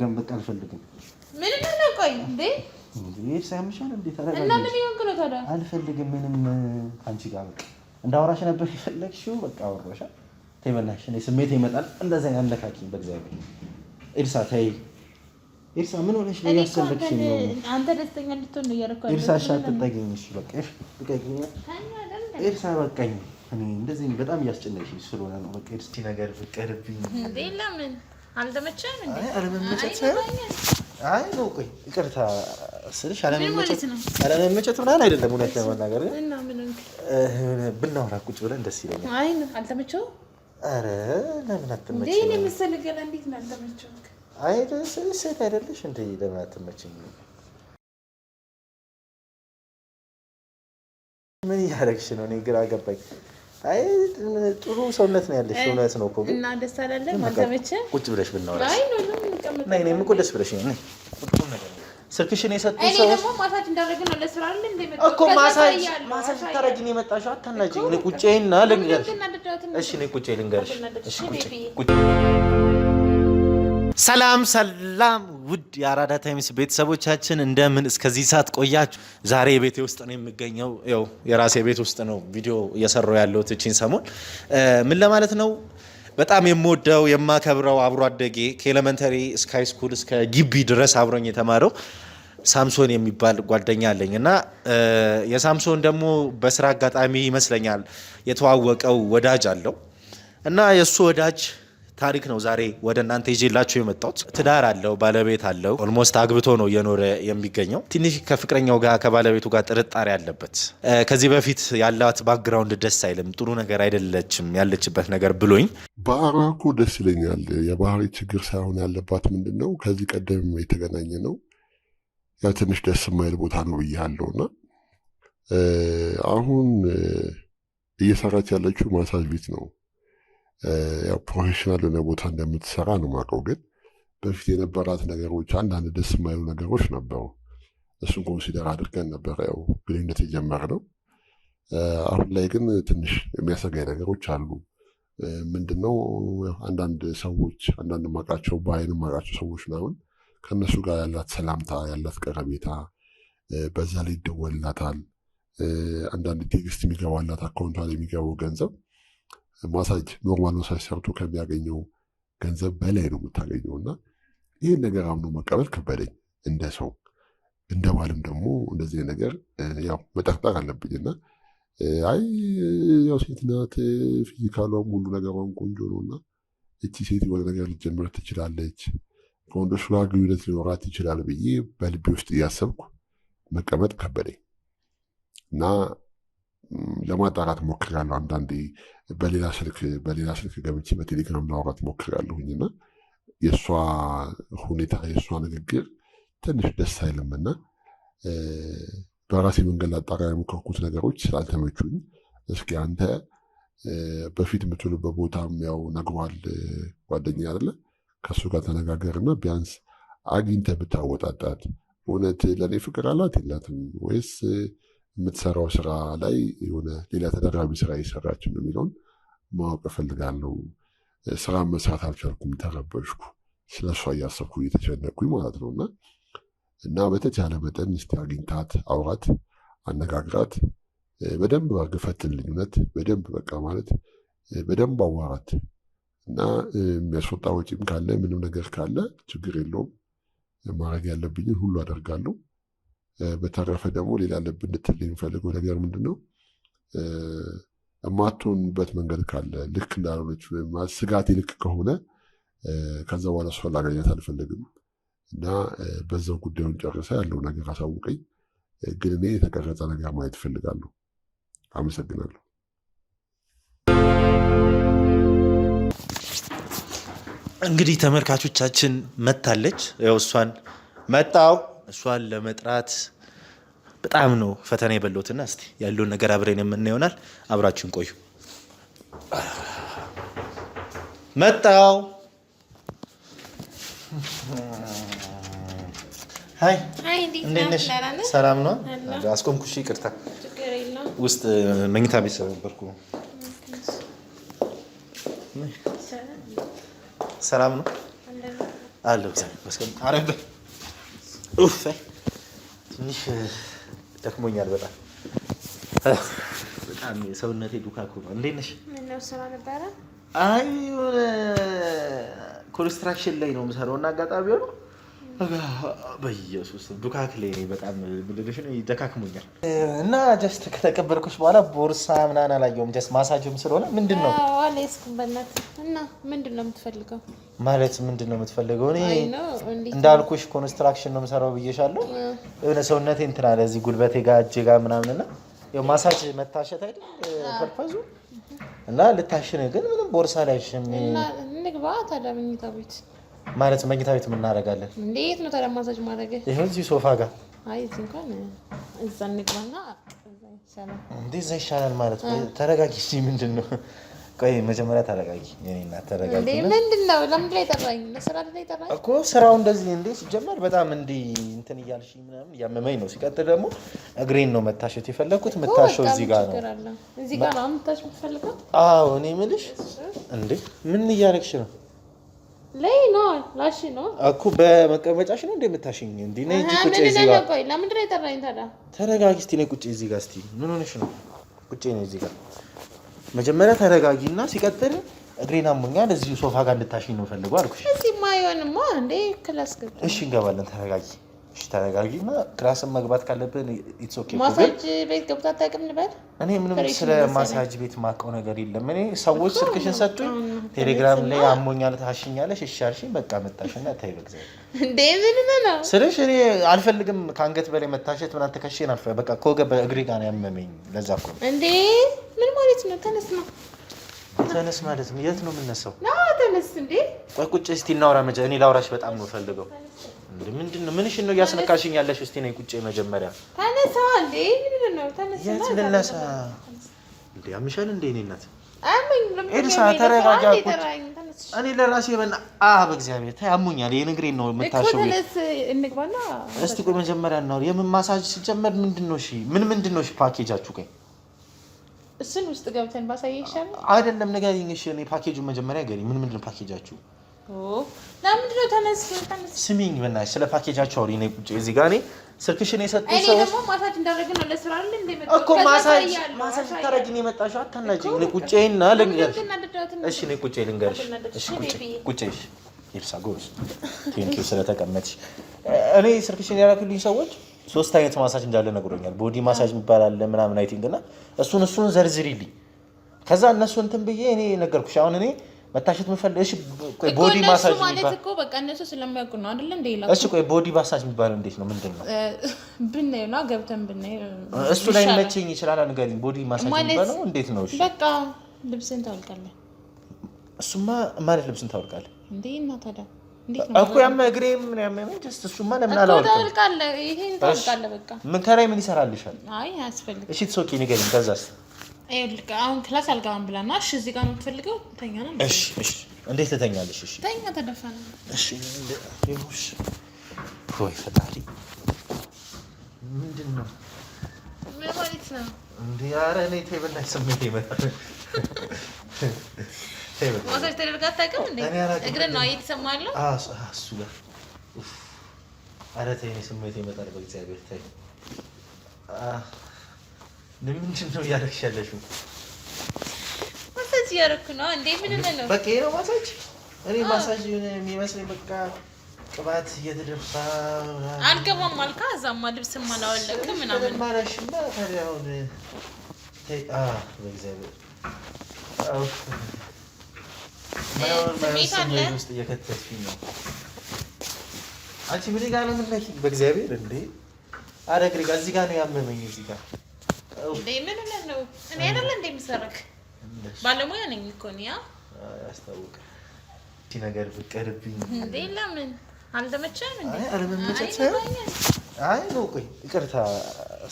መድገም በቃ አልፈልግም። ምንም ነው። ቆይ እንዴ ሳያምሻል እንዴ? ታዲያ እና ምን ይሆንክ ነው ታዲያ? አልፈልግም ምንም አንቺ ጋር በቃ እንዳወራሽ ነበር የፈለግሽው። በቃ አወራሻል። ተይ በእናትሽ፣ እኔ ስሜት ይመጣል። እንደዛ ያለካኪ በእግዚአብሔር። ኤልሳ ተይ ኤልሳ፣ ምን ሆነሽ ነው? ያሰለክሽ ነው አንተ። ደስተኛ እንድትሆን ነው እያደረኩ አይደል? ኤልሳ ሻት ተጠገኝ። እሺ በቃ እሺ፣ ልቀቂኝ ኤልሳ፣ በቃኝ። እኔ እንደዚህ በጣም እያስጨነቅሽ ስለሆነ ነው በቃ። እስቲ ነገር ፍቀርብኝ እንዴ ለምን አልተመቸህም እንዴ? አለመመቸት አይ ነው። ቆይ ይቅርታ ስልሽ አለመመቸት አለመመቸት ምናምን አይደለም። እውነት ለመናገር ብናወራ ቁጭ ብለን ደስ ይለኛል። አይ ነው አልተመቸውም። ኧረ ለምን አትመቸኝ? እንዴ መሰለህ ገና እንዴት ነው አልተመቸውም። አይ ሴት አይደለሽ እንዴ? ለምን አትመቸኝ? ምን እያደረግሽ ነው? እኔ ግራ ገባኝ። አይ ጥሩ ሰውነት ነው ያለሽ። እውነት ነው እኮ እና ደስ አላለም። ማዘመቸህ ቁጭ ብለሽ ብናወራ አይ ነው ነው ነው። ደስ ብለሽ ነው ስልክሽን የሰጡኝ ሰው ደግሞ ማሳጅ ነው። ለስራ አይደል እኮ ማሳጅ ማሳጅ ልታደርጊ ነው የመጣሽው። አታናጅኝ። እኔ ቁጭ እና ልንገርሽ። እሺ እኔ ቁጭ ልንገርሽ። እሺ ቁጭ ቁጭ። ሰላም ሰላም ውድ የአራዳ ታይምስ ቤተሰቦቻችን እንደምን እስከዚህ ሰዓት ቆያችሁ? ዛሬ ቤቴ ውስጥ ነው የምገኘው። ያው የራሴ ቤት ውስጥ ነው ቪዲዮ እየሰራሁ ያለሁት እቺን ሰሞን። ምን ለማለት ነው በጣም የምወደው የማከብረው አብሮ አደጌ ከኤሌመንተሪ እስከ ሃይስኩል እስከ ግቢ ድረስ አብሮኝ የተማረው ሳምሶን የሚባል ጓደኛ አለኝ እና የሳምሶን ደግሞ በስራ አጋጣሚ ይመስለኛል የተዋወቀው ወዳጅ አለው እና የእሱ ወዳጅ ታሪክ ነው ዛሬ ወደ እናንተ ይዤላችሁ የመጣሁት። ትዳር አለው፣ ባለቤት አለው፣ ኦልሞስት አግብቶ ነው እየኖረ የሚገኘው። ትንሽ ከፍቅረኛው ጋር ከባለቤቱ ጋር ጥርጣሬ አለበት። ከዚህ በፊት ያላት ባክግራውንድ ደስ አይልም፣ ጥሩ ነገር አይደለችም ያለችበት ነገር ብሎኝ በአሯ እኮ ደስ ይለኛል። የባህሪ ችግር ሳይሆን ያለባት ምንድን ነው ከዚህ ቀደም የተገናኘ ነው ያ ትንሽ ደስ የማይል ቦታ ነው ብያለሁና አሁን እየሰራች ያለችው ማሳጅ ቤት ነው። ያው ፕሮፌሽናል የሆነ ቦታ እንደምትሰራ ነው ማቀው። ግን በፊት የነበራት ነገሮች አንዳንድ ደስ የማይሉ ነገሮች ነበሩ። እሱን ኮንሲደር አድርገን ነበረ ያው ግንኙነት የጀመርነው። አሁን ላይ ግን ትንሽ የሚያሰጋኝ ነገሮች አሉ። ምንድነው አንዳንድ ሰዎች አንዳንድ ማቃቸው በአይን ማቃቸው ሰዎች ምናምን ከእነሱ ጋር ያላት ሰላምታ ያላት ቀረቤታ በዛ ላይ ይደወልላታል። አንዳንድ ቴክስት የሚገባላት አካውንቷ የሚገባው ገንዘብ ማሳጅ ኖርማል ማሳጅ ሰርቶ ከሚያገኘው ገንዘብ በላይ ነው የምታገኘው። እና ይህን ነገር አምኖ መቀበል ከበደኝ እንደ ሰው እንደ ባልም ደግሞ እንደዚህ ነገር ያው መጠርጠር እና አይ ያው ሴት ናት፣ ፊዚካሏም ሁሉ ነገሯም ቆንጆ ነው እና እቺ ሴት የሆነ ነገር ልትጀምር ትችላለች፣ ከወንዶች ጋር ግንኙነት ሊኖራት ይችላል ብዬ በልቤ ውስጥ እያሰብኩ መቀመጥ ከበደኝ እና ለማጣራት ሞክራለሁ። አንዳንዴ በሌላ ስልክ በሌላ ስልክ ገብቼ በቴሌግራም ለማውራት ሞክራለሁኝ እና የእሷ ሁኔታ የእሷ ንግግር ትንሽ ደስ አይልም እና በራሴ መንገድ ላጣራ የሞከርኩት ነገሮች ስላልተመቹኝ እስኪ አንተ በፊት የምትውልበት ቦታም ያው ነግሯል ጓደኛ አለ ከእሱ ጋር ተነጋገርና ቢያንስ አግኝተህ ብታወጣጣት እውነት ለእኔ ፍቅር አላት የላትም ወይስ የምትሰራው ስራ ላይ የሆነ ሌላ ተደራቢ ስራ እየሰራች ነው የሚለውን ማወቅ እፈልጋለሁ። ስራ መስራት አልቻልኩም፣ ተረበሽኩ፣ ስለሷ እያሰብኩ እየተጨነኩኝ ማለት ነው እና እና በተቻለ መጠን እስቲ አግኝታት፣ አውራት፣ አነጋግራት በደንብ አርግፈትልኝ እውነት በደንብ በቃ ማለት በደንብ አዋራት እና የሚያስወጣ ወጪም ካለ ምንም ነገር ካለ ችግር የለውም። ማድረግ ያለብኝን ሁሉ አደርጋለሁ። በተረፈ ደግሞ ሌላ ልብ እንድትል የሚፈልገው ነገር ምንድን ነው? የማትሆንበት መንገድ ካለ ልክ እንዳልሆነች ስጋት ልክ ከሆነ ከዛ በኋላ እሷ ላገኘት አልፈልግም እና በዛው ጉዳዩን ጨርሰ ያለው ነገር አሳውቀኝ። ግን እኔ የተቀረጸ ነገር ማየት እፈልጋለሁ። አመሰግናለሁ። እንግዲህ ተመልካቾቻችን መታለች ያው እሷን መጣው እሷን ለመጥራት በጣም ነው ፈተና የበለትና እስቲ ያለውን ነገር አብረን የምና ይሆናል። አብራችን ቆዩ። መጣው ሀይ፣ እንዴት ነሽ? ሰላም ነው። አስቆምኩሽ፣ ይቅርታ። ውስጥ መኝታ ቤት ስለነበርኩ ሰላም ነው አለ አረበ ትንሽ ደክሞኛል በጣም በጣም ሰውነቴ ዱካኩ ነው። እንዴት ነሽ? ምነው ስራ ነበረ? አይ ኮንስትራክሽን ላይ ነው የምሰራው እና አጋጣሚ ሆኖ በኢየሱስ ዱካክ ላይ በጣም ምልልሽን ደካክሞኛል እና ጀስት ከተቀበልኩሽ በኋላ ቦርሳ ምናምን አላየሁም። ጀስት ማሳጅም ስለሆነ ምንድን ነው እና ምንድን ነው የምትፈልገው? ማለት ምንድን ነው የምትፈልገው? እኔ እንዳልኩሽ ኮንስትራክሽን ነው የምሰራው ብዬሻለሁ። የሆነ ሰውነቴ እንትን አለ እዚህ ጉልበቴ ጋር እጄ ጋር ምናምን እና ማሳጅ መታሸት አይደል ፐርፐዙ እና ልታሽን ግን ምንም ቦርሳ ላይ ሽም ንግባ ታዳምኝታ ቤት ማለት መኝታ ቤት የምናደርጋለን። እንዴት ነው ታዲያ ማሳጅ ማድረግ? ይኸው እዚህ ሶፋ ጋር። አይ እዚህ እንኳን እዛ እንግባና እንዴ እዛ ይሻላል ማለት ተረጋጊ። እሺ ምንድን ነው? ቆይ መጀመሪያ ተረጋጊ። የኔ እናት ተረጋጊ። ምንድን ነው? ለምንድን ነው የጠራኝ? ለስራ ላይ ጠራኝ እኮ ስራው እንደዚህ እንዴ ሲጀመር በጣም እንዲ እንትን እያልሽ ምናምን እያመመኝ ነው። ሲቀጥል ደግሞ እግሬን ነው መታሸት የፈለግኩት። መታሸው እዚህ ጋር ነው። እዚህ ጋር ነው የምታሸው የምትፈልገው? አዎ እኔ የምልሽ እንዴ ምን እያደረግሽ ነው? ላይ ነው ላሽ ነው እኮ በመቀመጫሽ ነው እንደምታሽኝ እንዴ? ነይ እንጂ ቁጭ እዚህ ጋር። ቆይ ለምንድን ነው የጠራኝ ታዲያ? ተረጋጊ እስቲ ነይ ቁጭ እዚህ ጋር እስቲ። ምን ሆነሽ ነው? ቁጭ ነይ እዚህ ጋር። መጀመሪያ ተረጋጊና ሲቀጥል እግሬና አሞኛል እዚሁ ሶፋ ጋር እንድታሽኝ ነው ፈልገው አልኩሽ። እዚህማ አይሆንማ እንዴ ክላስ ገብ። እሺ እንገባለን። ተረጋጊ እሺ ተረጋጊ እና ክላስን መግባት ካለብን ኢትሶኬ ማሳጅ ቤት ገብታ ታቅም ልበል። እኔ ምንም ስለ ማሳጅ ቤት ማቀው ነገር የለም። እኔ ሰዎች ስልክሽን ሰጡኝ፣ ቴሌግራም ላይ አሞኛል ታሽኛለሽ፣ እሺ አልሽኝ፣ በቃ መጣሽ እና ተይ በእግዚአብሔር ስልሽ እኔ አልፈልግም። ከአንገት በላይ መታሸት ምናምን ትከሽን አልፈ በቃ ከወገብ በእግሬ ጋር ያመመኝ ለዛ እኮ እንዴ። ምን ማለት ነው? ተነስማ ተነስ ማለት ነው። የት ነው የምነሳው? ተነስ እንዴ! ቆይ ቁጭ እስቲ እናውራ። መጀ እኔ ላውራሽ በጣም ነው ፈልገው። ምንድን ነው ምንሽን ነው እያስነካሽኝ ያለሽ? እስቲ ነኝ ቁጭ። መጀመሪያ ተነሳ እንዴ! ተነስ? የት ልነሳ እንዴ? አምሻል እንዴ? እኔ እናት ኤልሳ ተረጋጋ። ቁጭ እኔ ለራሴ በና አህ በእግዚአብሔር ታያሙኛል። አሞኛል። የንግሬን ነው የምታሽው። እስቲ ቆይ መጀመሪያ እናውራ። የምን ማሳጅ ሲጀመር ምንድን ነው እሺ? ምን ምንድን ነው እሺ ፓኬጃችሁ? ቆይ እሱን ውስጥ ገብተን ባሳየ ይሻላል። አይደለም ንገሪኝ። እሺ እኔ ፓኬጁን መጀመሪያ ገሪ ምን ምንድን ነው ፓኬጃችሁ? ለምንድን ተነስ፣ ተነስ። ስሚኝ ስለ ፓኬጃችሁ አውሪ። እኔ ቁጭ እዚህ ጋር እኔ ስልክሽን የሰጡኝ እኔ ደግሞ ማሳጅ እንዳደረግን ነው ለስራ አይደል እንደ መጣሁ እኮ ማሳጅ ማሳጅ እኔ ቁጭ እና ልንገርሽ። እሺ እኔ ቁጭ ልንገርሽ። እሺ ቁጭ ቁጭ። ቴንኪው ስለተቀመጥሽ። እኔ ስልክሽን ሰዎች ሶስት አይነት ማሳጅ እንዳለ ነግሮኛል። ቦዲ ማሳጅ የሚባል አለ ምናምን አይ ቲንክ እና እሱን እሱን ዘርዝሪልኝ። ከዛ እነሱ እንትን ብዬ እኔ ነገርኩሽ። አሁን እኔ መታሸት የምፈልግ ቦዲ ማሳጅ ማለት እኮ በቃ እነሱ ስለሚያውቁ ነው አይደለ እንዴ? ይላል። እሺ፣ ቆይ ቦዲ ማሳጅ የሚባለው እንዴት ነው? ምንድን ነው? ብናይ ነው ገብተን ብናይ እሱ ላይ መቼኝ ይችላል። ንገሪኝ፣ ቦዲ ማሳጅ የሚባለው እንዴት ነው? በቃ ልብስን ታወልቃለህ። እሱማ ማለት ልብስን ታወልቃለህ እንዴ? እና ታዲያ እኮ ያመህ እግሬም ምን ያመህ ጀስት እሱማ ለምን አላወልቅም? ታወልቃለህ፣ ይሄን ታወልቃለህ። በቃ ምን ከላይ ምን ይሰራልሻል? አይ አያስፈልግም። እሺ ትሶኪ ንገሪኝ። ከዛስ አሁን ክላስ አልገባም ብላና፣ እሺ፣ እዚህ ጋር ነው የምትፈልገው። ተኛ ነው። እሺ፣ እሺ። እንዴት ትተኛለሽ? እሺ፣ ተኛ። ተደፋ ነው። እሺ። ይሁሽ ሆይ ፈጣሪ፣ ምንድን ነው ምን ማለት ነው እንዴ? አረ እኔ ቴብል ላይ ስሜት ይመጣል ማሳጅ ተደርጋ አታውቅም እንዴ? እግርን ነው እሱ ጋር። ኧረ ተይ፣ እኔ ስሜት ይመጣል። በእግዚአብሔር ተይ። ምንድን ነው እያደረግሽ ያለሽው? ማሳጅ እያደረግኩ ነው እንዴ። ምን ነው በቃ ይሄ ነው ማሳጅ። እኔ ማሳጅ የሚመስለኝ በቃ ቅባት እየተደፋ አልገባም አልካ። እዛማ ልብስም አላወለቅም ምናምን ማለሽማ። ታዲያ አሁን በእግዚአብሔር ውስጥ እየከተትሽኝ ነው አንቺ። ብሪ ጋር ነው የምናይ። በእግዚአብሔር እንዴ! አረ ግሪ ጋር እዚህ ጋር ነው ያመመኝ። እዚህ ጋር ምን ነው? እኔ አይደለ እንደ የምሰረክ ባለሙያ ነኝ እኮ እኔ። እቺ ነገር ብቀርብኝ እንዴ! ለምን አልተመቸህም? አለመመቸት ሳይሆን አይ ነው ቆይ ይቅርታ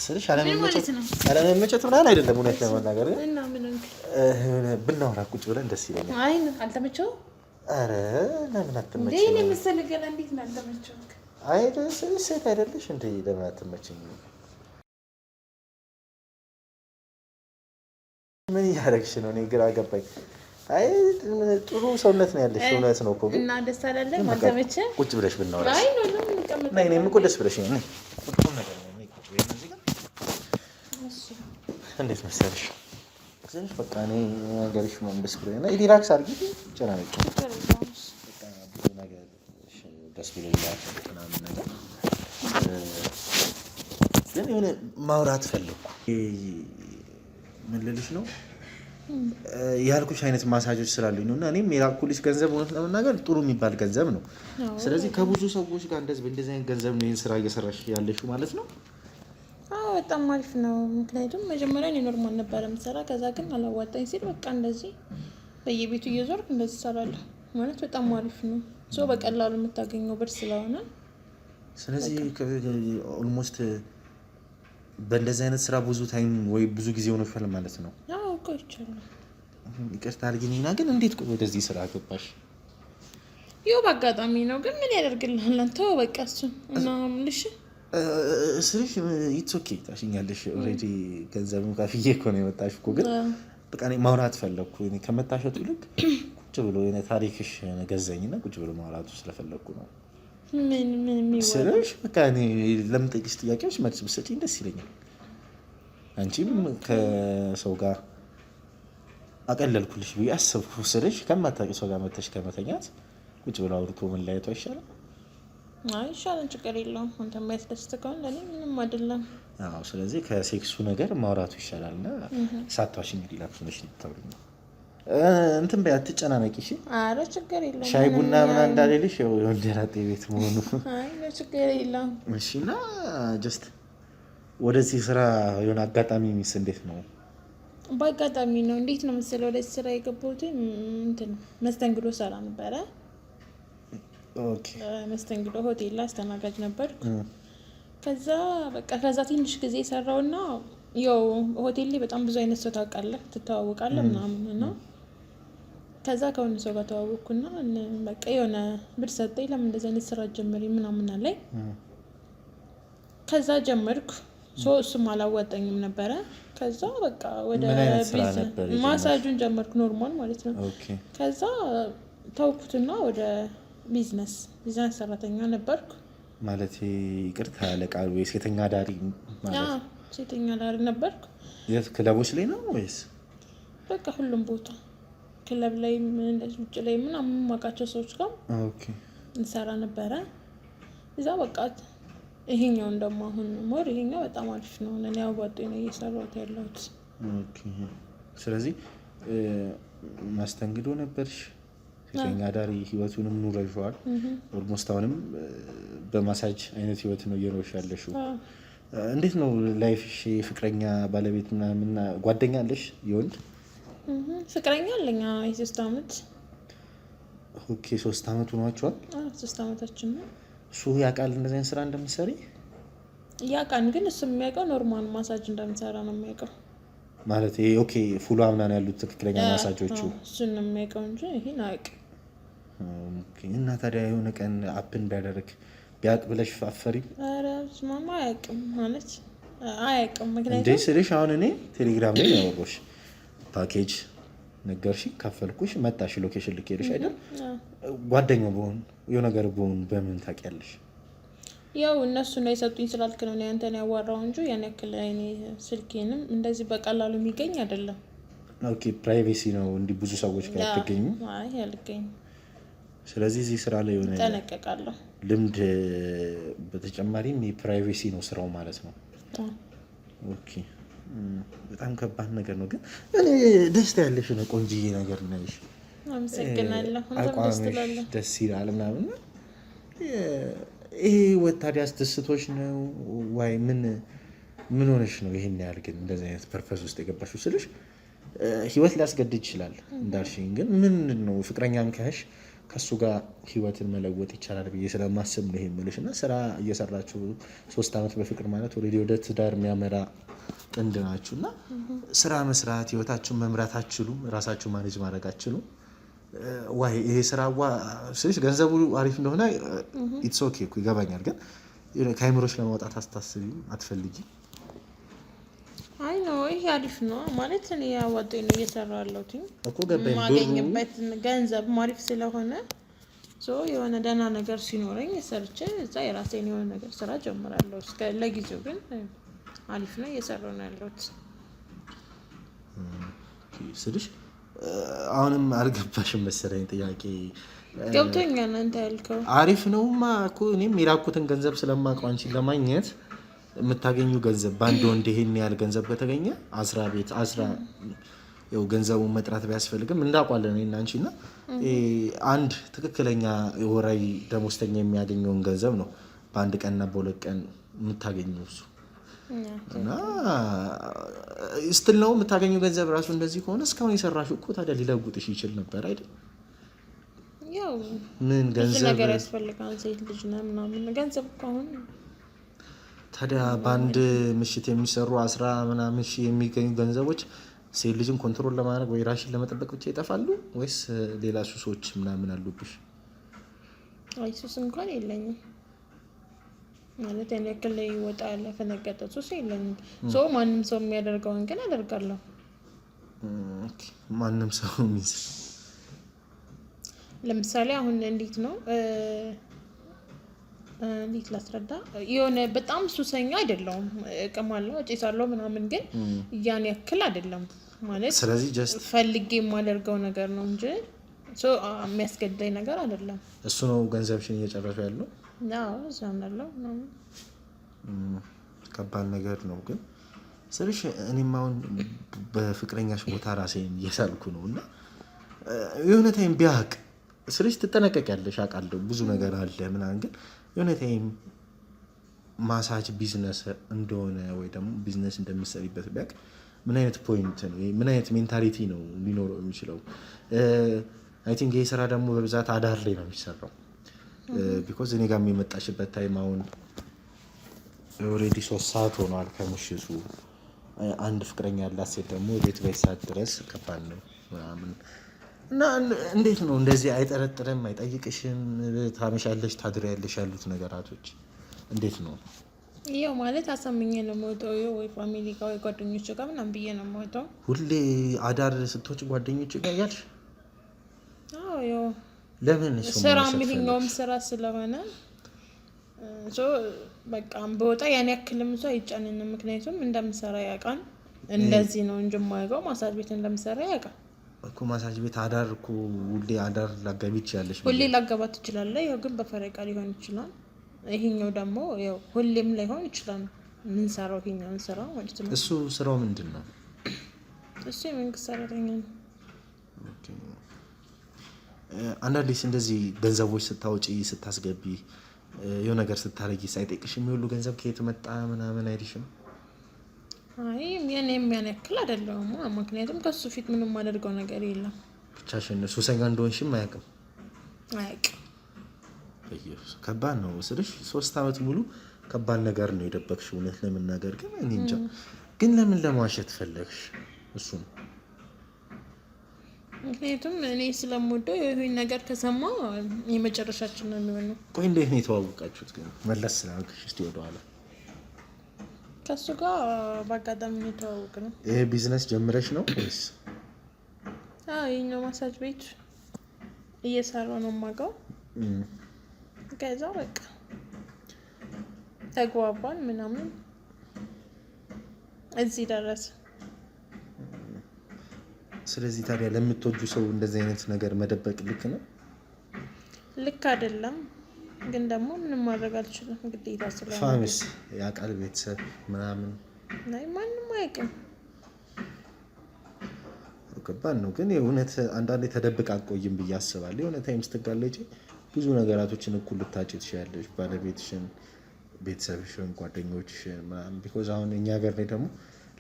ስልሽ አለመመቸት ምናምን አይደለም። እውነት ለመናገር ብናወራ ቁጭ ብለን ደስ ይለኛል። አይ አልተመቸውም። ኧረ ለምን አትመቸኝም? አይ ሴት አይደለሽ እንደ ለምን አትመቸኝም? ምን እያደረግሽ ነው? እኔ ግራ ገባኝ። ጥሩ ሰውነት ነው ያለሽ። እውነት ነው እኮ እና ደስ አላለም። ቁጭ ብለሽ ብናወራ እኔም እኮ ደስ ብለሽ እንዴት መሰለሽ ስለሽ በቃ እኔ ነገርሽ መንበስ ብሎ ና ሪላክስ አድርጊ። ነገር ደስ ብሎ ምናምን ነገር ግን የሆነ ማውራት ፈለግኩ። ምን ልልሽ ነው ያልኩሽ አይነት ማሳጆች ስላሉኝ ነው እና እኔም የላኩልሽ ገንዘብ እውነት ለመናገር ጥሩ የሚባል ገንዘብ ነው። ስለዚህ ከብዙ ሰዎች ጋር እንደዚህ በእንደዚህ አይነት ገንዘብ ነው ይህን ስራ እየሰራሽ ያለሽ ማለት ነው። በጣም አሪፍ ነው። ምክንያቱም መጀመሪያ እኔ ኖርማል ነበረ የምሰራ፣ ከዛ ግን አላዋጣኝ ሲል በቃ እንደዚህ በየቤቱ እየዞርክ እንደዚህ እሰራለሁ ማለት በጣም አሪፍ ነው። ሰው በቀላሉ የምታገኘው ብር ስለሆነ ስለዚህ ኦልሞስት በእንደዚህ አይነት ስራ ብዙ ታይም ወይ ብዙ ጊዜ ሆኖሻል ማለት ነው። ቆይቻለሁ። ይቅርታ አድርጊኝና ግን እንዴት ወደዚህ ስራ ገባሽ? ይኸው በአጋጣሚ ነው። ግን ምን ያደርግልሃል አንተ በቃ እሱን እና ምልሽ ስልሽ ኢትስ ኦኬ ታሽኛለሽ። ኦልሬዲ ገንዘብም ከፍዬ እኮ ነው የመጣሽ እኮ ግን በቃ ማውራት ፈለግኩ። ከመታሸቱ ይልቅ ቁጭ ብሎ የሆነ ታሪክሽ ቁጭ ብሎ ማውራቱ ስለፈለግኩ ነው ስልሽ። በቃ ጥያቄዎች መልስ ብትሰጪኝ ደስ ይለኛል። አንቺም ከሰው ጋር አቀለልኩልሽ ብዬ አሰብኩ ስልሽ ከማታውቂ ሰው ጋር መተሽ ከመተኛት ቁጭ ብሎ አውርቶ መለያየቷ ይሻላል ይሻላል። ችግር የለውም። አንተ የሚያስደስት ከሆነ ለእኔ ምንም አይደለም። አዎ፣ ስለዚህ ከሴክሱ ነገር ማውራቱ ይሻላል። እና ሳቷሽ እንግዲህ ላክሽነሽ ነው እንትን በይ፣ አትጨናነቂ። እሺ። ችግር ሻይ ቡና ምናምን እንዳልልሽ ያው የወንደራጤ ቤት መሆኑ ችግር የለም። እሺ። እና ጀስት ወደዚህ ስራ የሆነ አጋጣሚ ሚስ እንዴት ነው በአጋጣሚ ነው። እንዴት ነው መሰለ ወደ ስራ የገባሁት እንትን መስተንግዶ ሰራ ነበረ። መስተንግዶ ሆቴል አስተናጋጅ ነበር። ከዛ በቃ ከዛ ትንሽ ጊዜ ሰራውና ያው ሆቴል ላይ በጣም ብዙ አይነት ሰው ታውቃለህ፣ ትተዋወቃለህ ምናምን እና ከዛ ከሆነ ሰው ጋር ተዋወቅኩና በቃ የሆነ ብር ሰጠኝ። ለምን እንደዚህ አይነት ስራ ጀምሪ ምናምን አለኝ። ከዛ ጀመርኩ ሶ እሱም አላዋጠኝም ነበረ። ከዛ በቃ ወደ ማሳጁን ጀመርኩ ኖርማል ማለት ነው። ከዛ ተውኩትና ወደ ቢዝነስ ቢዝነስ ሰራተኛ ነበርኩ ማለት ይቅርታ፣ ለቃሉ የሴተኛ ዳሪ ማለት ሴተኛ ዳሪ ነበርኩ። የት ክለቦች ላይ ነው ወይስ በቃ ሁሉም ቦታ ክለብ ላይ ውጭ ላይ ምናምን የማውቃቸው ሰዎች ጋር እንሰራ ነበረ እዛ በቃ ይሄኛውን ደግሞ አሁን ሞር ይሄኛው በጣም አሪፍ ነው። እኔ አዋጤ ነው እየሰራሁት ያለሁት። ስለዚህ ማስተንግዶ ነበርሽ ሴተኛ አዳሪ ህይወቱንም ኑረሽዋል። ኦልሞስት አሁንም በማሳጅ አይነት ህይወት ነው እየኖርሽ ያለሽው። እንዴት ነው ላይፍሽ? ፍቅረኛ ባለቤት ምናምን ጓደኛ አለሽ? የወንድ ፍቅረኛ አለኛ የሶስት አመት ኦኬ። ሶስት አመቱ ናቸዋል። ሶስት አመታችን ነው እሱ ያውቃል እንደዚህ ስራ እንደምትሰሪ ያውቃል። ግን እሱ የሚያውቀው ኖርማል ማሳጅ እንደምትሰራ ነው የሚያውቀው። ማለት ይሄ ኦኬ ፉሏ አምናን ያሉት ትክክለኛ ማሳጆቹ እሱን ነው የሚያውቀው እንጂ ይሄን አያውቅም። እና ታዲያ የሆነ ቀን አፕን ቢያደርግ ቢያውቅ ብለሽ አፈሪ? ኧረ እሱማ አያውቅም ማለት አያውቅም። ምክንያቱም እንደ ስልሽ አሁን እኔ ቴሌግራም ላይ ያወሮሽ ፓኬጅ ነገርሽኝ፣ ከፈልኩሽ፣ መጣሽ፣ ሎኬሽን ልኬልሽ አይደል? ጓደኛው በሆን የሆነ ነገር በሆን በምን ታውቂያለሽ? ያው እነሱ ነው የሰጡኝ ስላልክ ነው ያንተን ያዋራው እንጂ ያን ያክል እኔ ስልኬንም እንደዚህ በቀላሉ የሚገኝ አይደለም። ኦኬ ፕራይቬሲ ነው እንዲህ ብዙ ሰዎች ጋር አይ ያልገኝ። ስለዚህ እዚህ ስራ ላይ ሆነ ጠነቀቃለሁ ልምድ፣ በተጨማሪም የፕራይቬሲ ነው ስራው ማለት ነው። ኦኬ በጣም ከባድ ነገር ነው፣ ግን እኔ ደስታ ያለሽ ነው ቆንጅዬ ነገር ነሽ። አቋምሽ ደስ ይላል ምናምን። ይሄ ወታዲያ አስደስቶች ነው ወይ ምን ምን ሆነሽ ነው ይህን ያህል ግን እንደዚህ አይነት ፐርፐስ ውስጥ የገባሽው ስልሽ ህይወት ሊያስገድድ ይችላል እንዳልሽኝ፣ ግን ምንድን ነው ፍቅረኛን ከሽ ከእሱ ጋር ህይወትን መለወጥ ይቻላል ብዬ ስለማስብ ነው ይሄ እና ስራ እየሰራችሁ ሶስት ዓመት በፍቅር ማለት ወደ ወደ ትዳር የሚያመራ ጥንድ ናችሁ እና ስራ መስራት ህይወታችሁን መምራት አችሉም፣ ራሳችሁ ማኔጅ ማድረግ አችሉም። ዋይ ይሄ ስራ ዋ ስልሽ ገንዘቡ አሪፍ እንደሆነ ኢትስ ኦኬ እኮ ይገባኛል። ግን ከአይምሮች ለማውጣት አስታስቢም አትፈልጊም አይ ነው ይሄ አሪፍ ነው ማለት እኔ አዋጣኝ ነው እየሰራ ያለሁት እኮ ገባኝ። የማገኝበት ገንዘብ ማሪፍ ስለሆነ የሆነ ደህና ነገር ሲኖረኝ ሰርቼ እዛ የራሴን የሆነ ነገር ስራ ጀምራለሁ። እስከ ለጊዜው ግን አሪፍ ነው እየሰራሁ ነው ያለሁት ስልሽ አሁንም አልገባሽም መሰለኝ ጥያቄ ገብቶኛል። አንተ ያልከው አሪፍ ነውማ እኮ እኔም የላኩትን ገንዘብ ስለማውቀው አንቺን ለማግኘት የምታገኙ ገንዘብ በአንድ ወንድ ይሄን ያህል ገንዘብ ከተገኘ አስራ ቤት አስራ ያው ገንዘቡን መጥራት ቢያስፈልግም እንዳውቋለን እና አንቺ እና አንድ ትክክለኛ ወራዊ ደሞዝተኛ የሚያገኘውን ገንዘብ ነው በአንድ ቀንና በሁለት ቀን የምታገኘው እሱ እና ስትል ነው የምታገኘው ገንዘብ ራሱ እንደዚህ ከሆነ እስካሁን የሰራሽ እኮ ታዲያ ሊለውጥሽ ይችል ነበር አይደል? ምን ገንዘብ ነገር ያስፈልጋል። ሴት ልጅ ነ ምናምን ገንዘብ እኮ ታዲያ በአንድ ምሽት የሚሰሩ አስራ ምናምን ሺህ የሚገኙ ገንዘቦች ሴት ልጅን ኮንትሮል ለማድረግ ወይ ራሽን ለመጠበቅ ብቻ ይጠፋሉ ወይስ ሌላ ሱሶች ምናምን አሉብሽ? አይ ሱስ እንኳን የለኝም ማለት ያክል ላይ ወጣ ያለ ፈነገጠ ሱስ የለኝም። ማንም ሰው የሚያደርገውን ግን አደርጋለሁ። ማንም ሰው ለምሳሌ አሁን እንዴት ነው እንዴት ላስረዳ? የሆነ በጣም ሱሰኛ አይደለውም። እቅማለሁ፣ እጭሳለሁ ምናምን ግን ያን ያክል አይደለም ማለት ስለዚህ ጀስት ፈልጌ የማደርገው ነገር ነው እንጂ የሚያስገዳኝ ነገር አይደለም። እሱ ነው ገንዘብሽን እየጨረሱ ያለው ዛምናለው ከባድ ነገር ነው ግን ስልሽ እኔም አሁን በፍቅረኛሽ ቦታ ራሴን እየሳልኩ ነው እና የሆነ ቢያቅ ስልሽ ትጠነቀቂያለሽ፣ አውቃለሁ ብዙ ነገር አለ ምናምን ግን የሆነ ታይም ማሳጅ ቢዝነስ እንደሆነ ወይ ደግሞ ቢዝነስ እንደምትሰሪበት ቢያቅ ምን አይነት ፖይንት ነው ምን አይነት ሜንታሊቲ ነው ሊኖረው የሚችለው? አይ ቲንክ ይህ ስራ ደግሞ በብዛት አዳር ላይ ነው የሚሰራው። ቢኮዝ እኔ ጋር የመጣሽበት ታይም አሁን ኦልሬዲ ሶስት ሰዓት ሆኗል ከምሽቱ። አንድ ፍቅረኛ ያላት ሴት ደግሞ ቤት በይሳት ድረስ ከባድ ነው ምናምን እና እንዴት ነው እንደዚህ አይጠረጥርም፣ አይጠይቅሽም? ታመሻለሽ፣ ታድሪያለሽ ያሉት ነገራቶች እንዴት ነው? ያው ማለት አሳምኜ ነው የምወጣው፣ ወይ ፋሚሊ ጋር ወይ ጓደኞች ጋር ምናምን ብዬ ነው የምወጣው። ሁሌ አዳር ስትወጪ ጓደኞች ጋር እያልሽ ለምን ስራ የሚሄኛውም ስራ ስለሆነ በቃ በወጣ ያን ያክልም እሱ አይጫንንም። ምክንያቱም እንደምሰራ ያውቃል። እንደዚህ ነው እንጂ የማያውቀው ማሳጅ ቤት እንደምሰራ ያውቃል። እኮ ማሳጅ ቤት አዳር እኮ ሁሌ አዳር ላጋቢ ትችላለች፣ ሁሌ ላጋባ ትችላለ። ያው ግን በፈረቃ ሊሆን ይችላል። ይሄኛው ደግሞ ያው ሁሌም ላይሆን ይችላል። ምንሰራው ይሄኛውን ስራ ማለት ነው። እሱ ስራው ምንድን ነው? እሱ የመንግስት ሰራተኛ ነው። አንዳንዴ እንደዚህ ገንዘቦች ስታወጪ ስታስገቢ፣ የሆነ ነገር ስታረጊ ሳይጠቅሽ የሚውሉ ገንዘብ ከየት መጣ ምናምን አይልሽም? አይ የኔ የሚያነክል አይደለም። ምክንያቱም ከሱ ፊት ምንም ማደርገው ነገር የለም። ብቻሽን ሱሰኛ እንደሆንሽም አያውቅም አያውቅም። ከባድ ነው ስልሽ ሶስት ሙሉ ከባድ ነገር ነው የደበቅሽ። እውነት ለመናገር ግን እኔ እንጃ። ግን ለምን ለማዋሸት ፈለግሽ? እሱ ምክንያቱም እኔ ስለምወደው ይህን ነገር ከሰማ የመጨረሻችን ነው የሚሆነው። ቆይ እንዴት ነው የተዋወቃችሁት? ግን መለስ ስላልክሽ እስኪ ወደኋላ ከእሱ ጋር በአጋጣሚ የተዋወቅ ነው። ይሄ ቢዝነስ ጀምረሽ ነው ወይስ ይህኛው ማሳጅ ቤት እየሰራ ነው ማጋው? ከዛ በቃ ተግባባን ምናምን እዚህ ደረሰ። ስለዚህ ታዲያ ለምትወጁ ሰው እንደዚህ አይነት ነገር መደበቅ ልክ ነው? ልክ አይደለም። ግን ደግሞ ምንም ማድረግ አልችልም፣ ግዴታ ስለሆነ። ፋሚስ ያውቃል ቤተሰብ ምናምን ማንም አያውቅም። ከባድ ነው ግን የእውነት አንዳንዴ ተደብቅ አቆይም ብዬ አስባለሁ። የሆነ ታይም ስትጋለጭ ብዙ ነገራቶችን እኩል ልታጭ ትችላለች፣ ባለቤትሽን፣ ቤተሰብሽን፣ ጓደኞችሽን ምናምን። ቢኮዝ አሁን እኛ ሀገር ላይ ደግሞ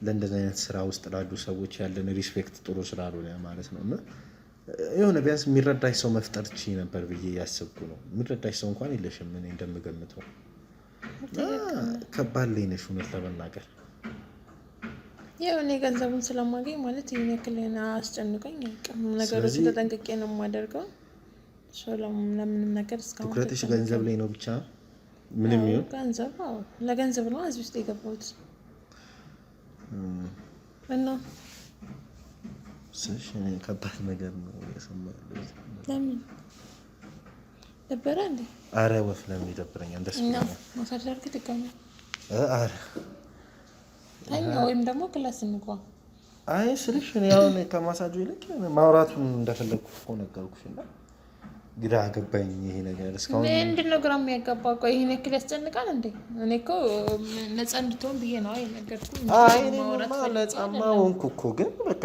ለእንደዚህ አይነት ስራ ውስጥ ላሉ ሰዎች ያለን ሪስፔክት ጥሩ ስራ ስላልሆነ ማለት ነው እና የሆነ ቢያንስ የሚረዳሽ ሰው መፍጠር ትች ነበር ብዬ ያሰብኩ ነው። የሚረዳሽ ሰው እንኳን የለሽም። እኔ እንደምገምተው ከባድ ላይ ነሽ፣ እውነት ለመናገር ያው እኔ ገንዘቡን ስለማገኝ ማለት ይህን ያክል አስጨንቀኝ አያውቅም። ነገሮች ተጠንቅቄ ነው የማደርገው። ለምንም ነገር እስካሁን ትኩረትሽ ገንዘብ ላይ ነው ብቻ ምንም ይሁን ገንዘብ፣ ለገንዘብ ነው እዚህ ውስጥ የገባሁት እና ከባድ ነገር ነው የሰማሁት። ለምን ደበረ እንዴ? አረ ወፍ ለምን ይደብረኛል? ደስ መውሰድ ተኛ ወይም ደግሞ ክላስ እንግባ። አይ ስልሽ አሁን ከማሳጁ ይልቅ ማውራቱን እንደፈለግኩ እኮ ነገርኩሽ እና ግራ ገባኝ ይሄ ነገር። እስካሁን ምንድን ነው ግራ የሚያጋባ? ቆይ ያክል ያስጨንቃል እንዴ? እኔ እኮ ነፃ እንድትሆን ብዬ ነው የነገርኩ። ነፃማ ሆንኩ እኮ ግን በቃ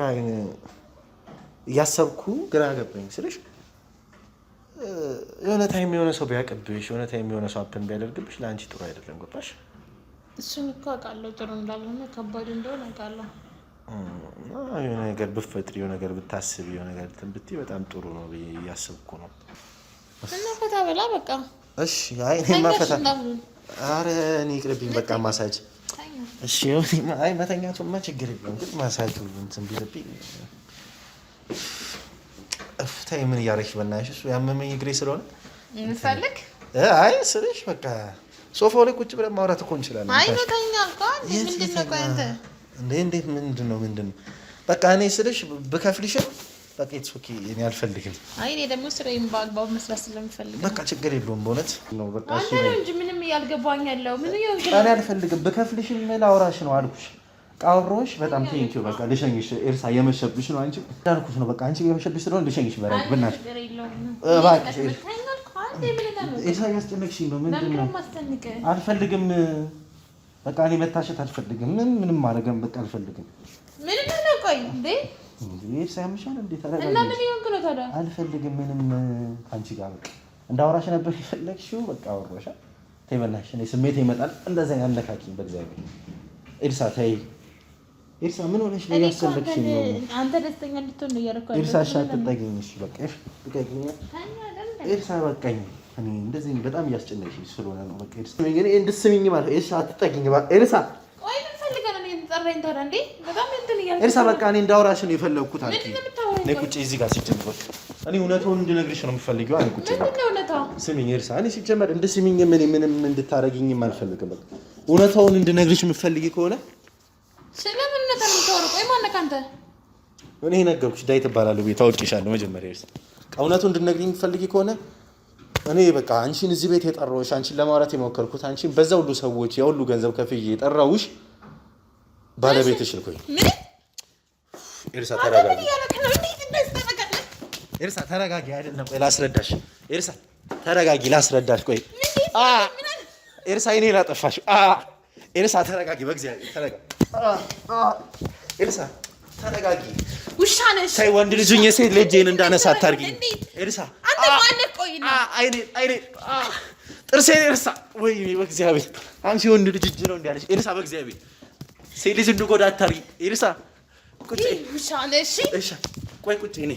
እያሰብኩ ግራ ገባኝ ስልሽ የሆነ ታይም የሆነ ሰው ቢያቅብሽ የሆነ ታይም የሆነ ሰው አፕን ቢያደርግብሽ ለአንቺ ጥሩ አይደለም። ገባሽ? እሱን እኮ አውቃለሁ፣ ጥሩ እንዳልሆነ ከባድ እንደሆነ አውቃለሁ። የሆነ ነገር ብፈጥሪ፣ የሆነ ነገር ብታስብ፣ የሆነ ነገር እንትን ብትይ በጣም ጥሩ ነው ብዬ እያስብኩ ነው። እና ፈታ በላ በቃ። እሺ፣ አይ እኔማ ፈታ፣ ኧረ እኔ ይቅርብኝ በቃ ማሳጅ። እሺ፣ አይ መተኛቱማ ችግር የለውም ግን ማሳጅ እንትን ቢልብኝ ተይ ምን እያደረግሽ በእናትሽ። እሱ ያመመኝ እግሬ ስለሆነ እንፈልግ። አይ ስልሽ በቃ ሶፋው ላይ ቁጭ ብለን ማውራት እኮ እንችላለን። እንዴት ምንድን ነው ምንድን ነው? በቃ እኔ ስልሽ ብከፍልሽም በቃ የት ሶኪ እኔ አልፈልግም። አይ እኔ ደግሞ ስራዬን በአግባቡ መስራት ስለምፈልግ በቃ ችግር የለውም። በእውነት ነው በቃ እሱ ነው እንጂ ምንም እያልገባኝ ያለው ምን ይሁን እኔ አልፈልግም። ብከፍልሽም ላውራሽ ነው አልኩሽ ቃሮሽ በጣም ቴንኪ በቃ ልሸኝሽ። ኤርሳ የመሸብሽ ነው አንቺ ዳርኩሽ ነው በቃ አንቺ የመሸብሽ ስለሆነ ልሸኝሽ። በራጅ ብናሽ ኤርሳ ያስጨነቅሽኝ ነው። ምንድን ነው አልፈልግም። በቃ እኔ መታሸት አልፈልግም። ምን ምንም ማድረግም በቃ አልፈልግም። ምንም ነው ቆይ እንዴ ኤርሳ ያምሻል እንዴ ታዲያ አልፈልግም። ምንም ከአንቺ ጋር በቃ እንዳወራሽ ነበር የፈለግሽው በቃ አወራሻ። ተይ በእናትሽ ስሜት ይመጣል እንደዛ ያነካኪኝ በእግዚአብሔር ኤርሳ ተይ ኤርሳ ምን ሆነሽ ነው ያሰለክሽ? ነው አንተ ደስተኛ እንድትሆን ነው ያረከው። ኤርሳ እሺ፣ አትጠጊኝ። እሺ በቃ እሺ፣ ትጠጊኝ። ኤርሳ በቃኝ። እኔ እንደዚህ በጣም እያስጨነቅሽ ስለሆነ ነው። በቃ ኤርሳ ምን ግን እንድትስሚኝ ማለት ኤርሳ፣ አትጠጊኝ። በቃ ኤርሳ፣ ቆይ ምን ፈልገህ ነው የምትጠራኝ ታዲያ? እንዴ በጣም እንትን እያልኩ ኤርሳ፣ በቃ እኔ እንዳውራሽ ነው የፈለግኩት። አንቺ ነይ ቁጭ እዚህ ጋር ሲጀምር እኔ እውነቱን እንድነግርሽ ነው የምፈልገው። አንቺ ቁጭ ስሚኝ ኤርሳ፣ እኔ ሲጀመር እንድትስሚኝ ምንም እንድታረጊኝም አልፈልግም። በቃ እውነቱን እንድነግርሽ የምትፈልጊ ከሆነ ስለምን ነው ቆይ ማነው ከአንተ? እኔ ነገርኩሽ፣ ዳይ ትባላለህ። ቤት አውቄሻለሁ። መጀመሪያ የምትፈልጊ ከሆነ እኔ በቃ አንቺን እዚህ ቤት የጠራሁሽ አንቺን ለማውራት የሞከርኩት አንቺን በዛ ሁሉ ሰዎች ያ ሁሉ ገንዘብ ከፍዬ የጠራሁሽ ባለቤትሽ ልኮኝ። ኤርሳ ተረጋጊ፣ ኤርሳ ተረጋጊ። አይደለም ቆይ ላስረዳሽ። ኤርሳ ተረጋጊ፣ ላስረዳሽ። ቆይ ኤርሳ፣ እኔ ላጠፋሽ። ኤርሳ ተረጋጊ፣ በእግዚአብሔር ተረጋጊ። ኤልሳ ተረጋጊ። ውሻ ነሽ። ተይ ወንድ ልጁኝ የሴት ልጄን እንዳነሳ አታርጊኝ። ኤልሳ ጥርሴን ኤልሳ፣ ወይ በእግዚአብሔር አንቺ ወንድ ልጅ እጅ ነው እንዳለሽ ኤልሳ፣ በእግዚአብሔር ሴት ልጅ እንድጎዳ አታርጊኝ ኤልሳ። ቆይ ቁጭ እኔ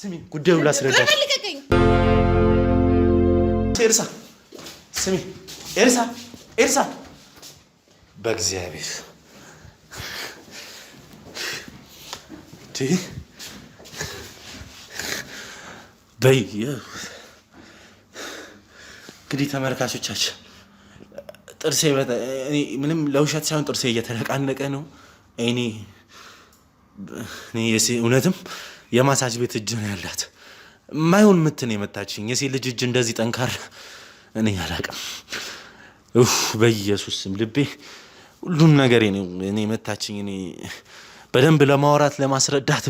ስሚ፣ ጉዳዩን ላስረዳሽ። ኤልሳ ስሚ፣ ኤልሳ ኤልሳ በእግዚአብሔር በየ እንግዲህ ተመልካቾቻችን ጥርሴ ምንም ለውሸት ሳይሆን ጥርሴ እየተነቃነቀ ነው። እኔ እውነትም የማሳጅ ቤት እጅ ነው ያላት። ማይሆን ምትን የመታችኝ የሴት ልጅ እጅ እንደዚህ ጠንካራ እኔ አላቅም። በኢየሱስ ስም ልቤ ሁሉም ነገር እኔ መታችኝ። እኔ በደንብ ለማውራት ለማስረዳት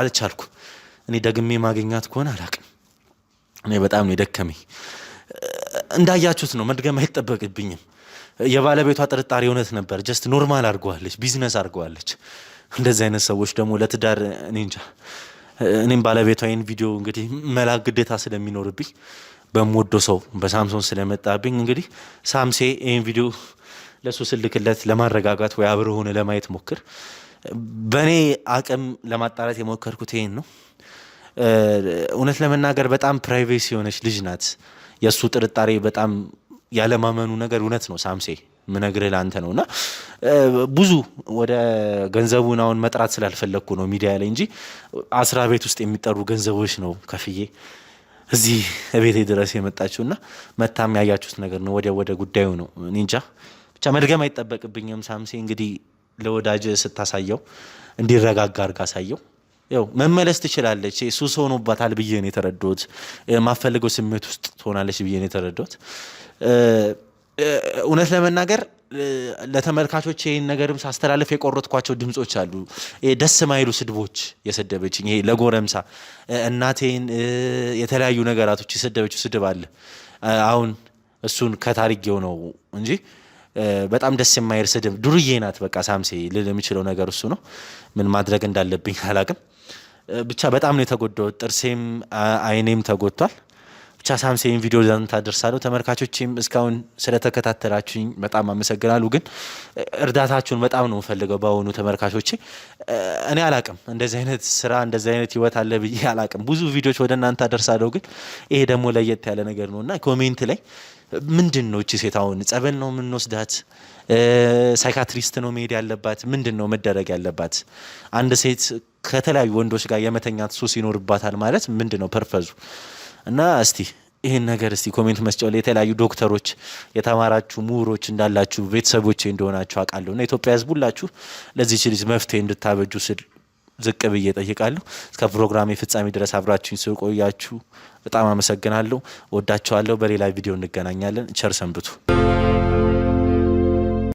አልቻልኩ። እኔ ደግሜ ማገኛት ከሆነ አላቅም። እኔ በጣም ነው የደከመኝ። እንዳያችሁት ነው፣ መድገም አይጠበቅብኝም። የባለቤቷ ጥርጣሬ እውነት ነበር። ጀስት ኖርማል አድርገዋለች፣ ቢዝነስ አድርገዋለች። እንደዚህ አይነት ሰዎች ደግሞ ለትዳር እኔ እንጃ። እኔም ባለቤቷ ይህን ቪዲዮ እንግዲህ መላክ ግዴታ ስለሚኖርብኝ በምወደው ሰው በሳምሶን ስለመጣብኝ እንግዲህ ሳምሴ ይህን ቪዲዮ ለእሱ ስልክለት ለማረጋጋት ወይ ሆነ ለማየት ሞክር። በእኔ አቅም ለማጣራት የሞከርኩት ይህን ነው። እውነት ለመናገር በጣም ፕራይቬሲ የሆነች ልጅ ናት። የእሱ ጥርጣሬ በጣም ያለማመኑ ነገር እውነት ነው። ሳምሴ ምነግርህ ለአንተ ነው እና ብዙ ወደ ገንዘቡን አሁን መጥራት ስላልፈለግኩ ነው ሚዲያ ላይ እንጂ አስራ ቤት ውስጥ የሚጠሩ ገንዘቦች ነው ከፍዬ እዚህ ቤቴ ድረስ እና መታም ያያችሁት ነገር ነው። ወዲያ ወደ ጉዳዩ ነው። እንጃ ብቻ መድገም አይጠበቅብኝም። ሳምሴ እንግዲህ ለወዳጅ ስታሳየው እንዲረጋጋ አርጋ አሳየው። ያው መመለስ ትችላለች። ሱስ ሆኖባታል ብዬ ነው የተረዳሁት። ማፈልገው ስሜት ውስጥ ትሆናለች ብዬ ነው የተረዳሁት። እውነት ለመናገር ለተመልካቾች ይህን ነገርም ሳስተላለፍ የቆረጥኳቸው ድምፆች አሉ። ደስ ማይሉ ስድቦች የሰደበችኝ ይሄ ለጎረምሳ እናቴን የተለያዩ ነገራቶች የሰደበችው ስድብ አለ። አሁን እሱን ከታሪጌው ነው እንጂ በጣም ደስ የማይርስ ስድብ ዱርዬ ናት በቃ ሳምሴ ልል የሚችለው ነገር እሱ ነው። ምን ማድረግ እንዳለብኝ አላቅም። ብቻ በጣም ነው የተጎዳው። ጥርሴም አይኔም ተጎድቷል። ብቻ ሳምሴን ቪዲዮ ዛን ታደርሳለሁ። ተመልካቾችም እስካሁን ስለተከታተላችሁኝ በጣም አመሰግናሉ። ግን እርዳታችሁን በጣም ነው ምፈልገው በአሁኑ ተመልካቾች እኔ አላቅም እንደዚህ አይነት ስራ እንደዚህ አይነት ህይወት አለ ብዬ አላቅም። ብዙ ቪዲዮች ወደ እናንተ አደርሳለሁ፣ ግን ይሄ ደግሞ ለየት ያለ ነገር ነው እና ኮሜንት ላይ ምንድን ነው እቺ ሴት አሁን ጸበል ነው የምንወስዳት? ሳይካትሪስት ነው መሄድ ያለባት? ምንድን ነው መደረግ ያለባት? አንድ ሴት ከተለያዩ ወንዶች ጋር የመተኛት ሱስ ይኖርባታል ማለት ምንድን ነው ፐርፐዙ? እና እስቲ ይህን ነገር እስቲ ኮሜንት መስጫው ላይ የተለያዩ ዶክተሮች የተማራችሁ ምሁሮች እንዳላችሁ ቤተሰቦች እንደሆናችሁ አውቃለሁ እና ኢትዮጵያ ሕዝብ ሁላችሁ ለዚህ ልጅ መፍትሄ እንድታበጁ ስል ዝቅ ብዬ ጠይቃለሁ። እስከ ፕሮግራሜ ፍጻሜ ድረስ አብራችሁኝ ስለቆያችሁ በጣም አመሰግናለሁ። ወዳችኋለሁ። በሌላ ቪዲዮ እንገናኛለን። ቸር ሰንብቱ።